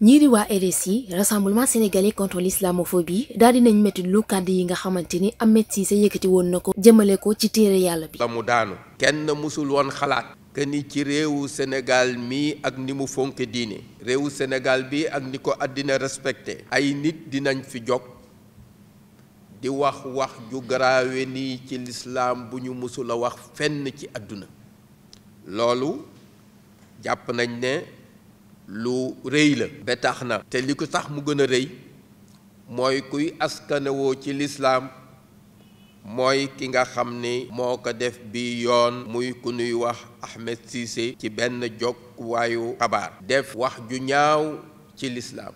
ñii di waa RSI rassemblement sénégalais contre l'islamophobie daal di nañ métti lu kàddu yi nga xamante ni Ahmed Cissé yëkkati woon na ko jëmale ko ci téere yàlla bi. la mu daanu kenn musul woon xalaat. que ni ci réewu Sénégal mi ak ni mu fonk diine. réewu Sénégal bi ak ni ko àddina respecté. ay nit dinañ fi jog di wax wax ju garaawe nii ci lislaam bu ñu mësula wax fenn ci àdduna loolu jàpp nañ ne lu rëy la ba tax na te li ko tax mu gëna rëy mooy kuy askanewoo ci lislaam mooy ki nga xam ni moo ko def bi yoon muy ku nuy wax Ahmed Cissé ci benn jokkuwaayu xabaar def wax ju ñaaw ci lislaam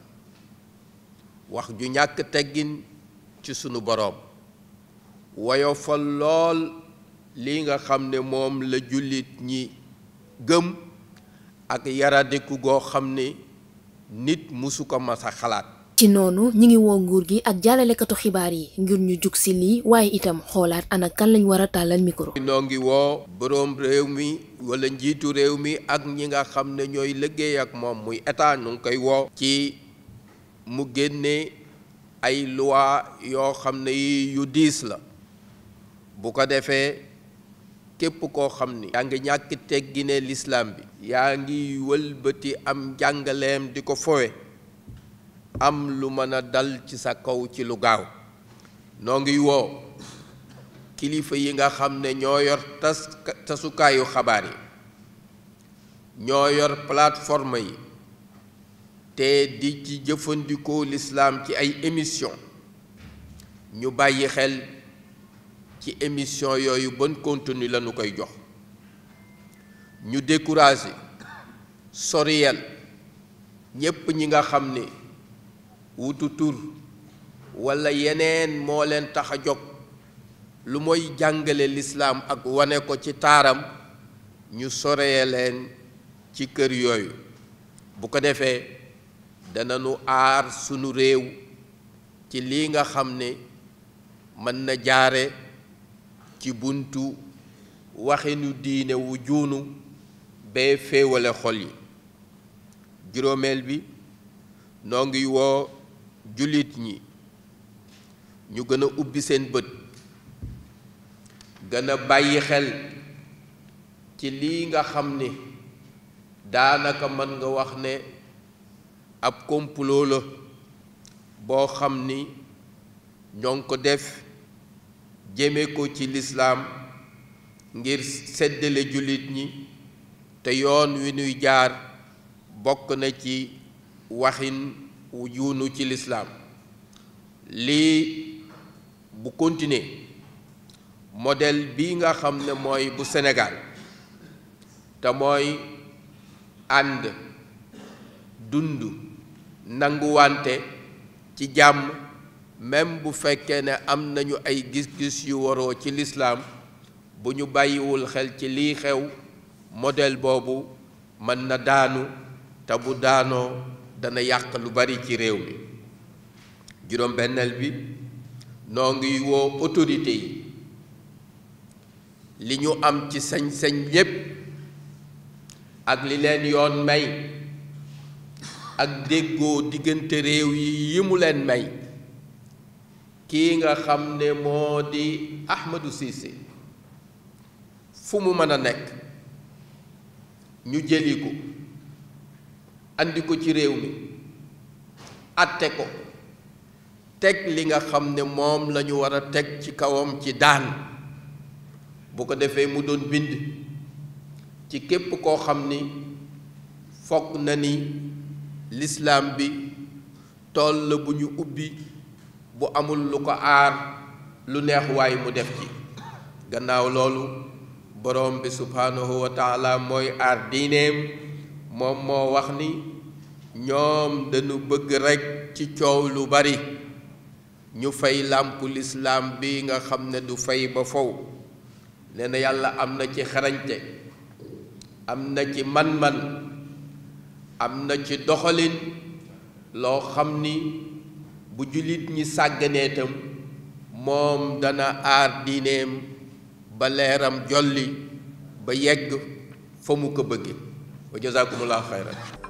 wax ju ñàkk teggin ci sunu boroom woyofal lool lii nga xam ne moom la jullit ñi gëm ak yaradiku goo xam ne nit musu ko mas xalaat ci noonu ñi ngi woo nguur gi ak jàllalekatu xibaar yi ngir ñu jug si lii waaye itam xoolaat ana kan lañ a tàllal micro noo ngi woo boroom réew mi walla njiitu réew mi ak ñi nga xam ne ñooy liggéey ak moom muy état ñu ngi koy woo ci mu génnee ay loi yoo xam ne yu diis la bu ko defee képp koo xam ni yaa ngi ñàkk teggine lislaam bi yaa ngi wëlbati am jàngaleem di ko fowe am lu mën a dal ci sa kaw ci lu gaaw noo ngi woo kilifa yi nga xam ne ñoo yor tas tasukaayu xabaar yi ñoo yor plateforme yi te di ci jëfandikoo lislaam ci ay émission ñu bàyyi xel ci émision yooyu bon contenu la ñu koy jox ñu découragé soriyel ñépp ñi nga xam ni wutu tur walla yeneen moo leen tax a jóg lu mooy jàngale lislaam ak wane ko ci taaram ñu soreye leen ci kër yooyu bu ko defee dana nu aar sunu réew ci lii nga xam ne mën na jaare ci buntu waxinu diine wu juunu bee féewale xol yi juróomeel bi noo ngi woo jullit ñi ñu gën a ubbi seen bët gën a bàyyi xel ci lii nga xam ni daanaka mën nga wax ne ab complot la boo xam ni ñoo ko def jëme ko ci lislaam ngir seddale jullit ñi te yoon wi nuy jaar bokk na ci waxin wu juunu ci lislaam lii bu continuer model bi nga xam ne mooy bu Sénégal te mooy ànd dund nanguwante ci jàmm même bu fekkee ne am nañu ay gis-gis yu waroo ci lislaam bu ñu bàyyiwul xel ci lii xew modèle boobu mën na daanu te bu daanoo dana yàq lu bari ci réew mi juróom-benneel bi noo ngi woo autorité yi li ñu am ci sañ-sañ yépp ak li leen yoon may ak déggoo diggante réew yi yi mu leen may kii nga xam ne moo di Ahmadou Cissé fu mu mën a nekk ñu jëli ko andi ko ci réew mi atte ko teg li nga xam ne moom lañu ñu war a teg ci kawam ci daan bu ko defee mu doon bind ci képp koo xam ni foog na ni lislaam bi tool la bu ñu ubbi bu amul lu ko aar lu neex waay mu def ci gannaaw loolu borom bi subhaanahu wa mooy aar diineem moom moo wax ni ñoom dañu bëgg rekk ci coow lu bari ñu fay làmpu lislaam bi nga xam ne du fay ba fow nee na yàlla am na ci xarañte am na ci man-man am na ci doxalin loo xam ni bu jullit ñi sàgganeetam moom dana ar diineem ba leeram jolli ba yegg fa mu ko bëgge wa jazakumullahu xayran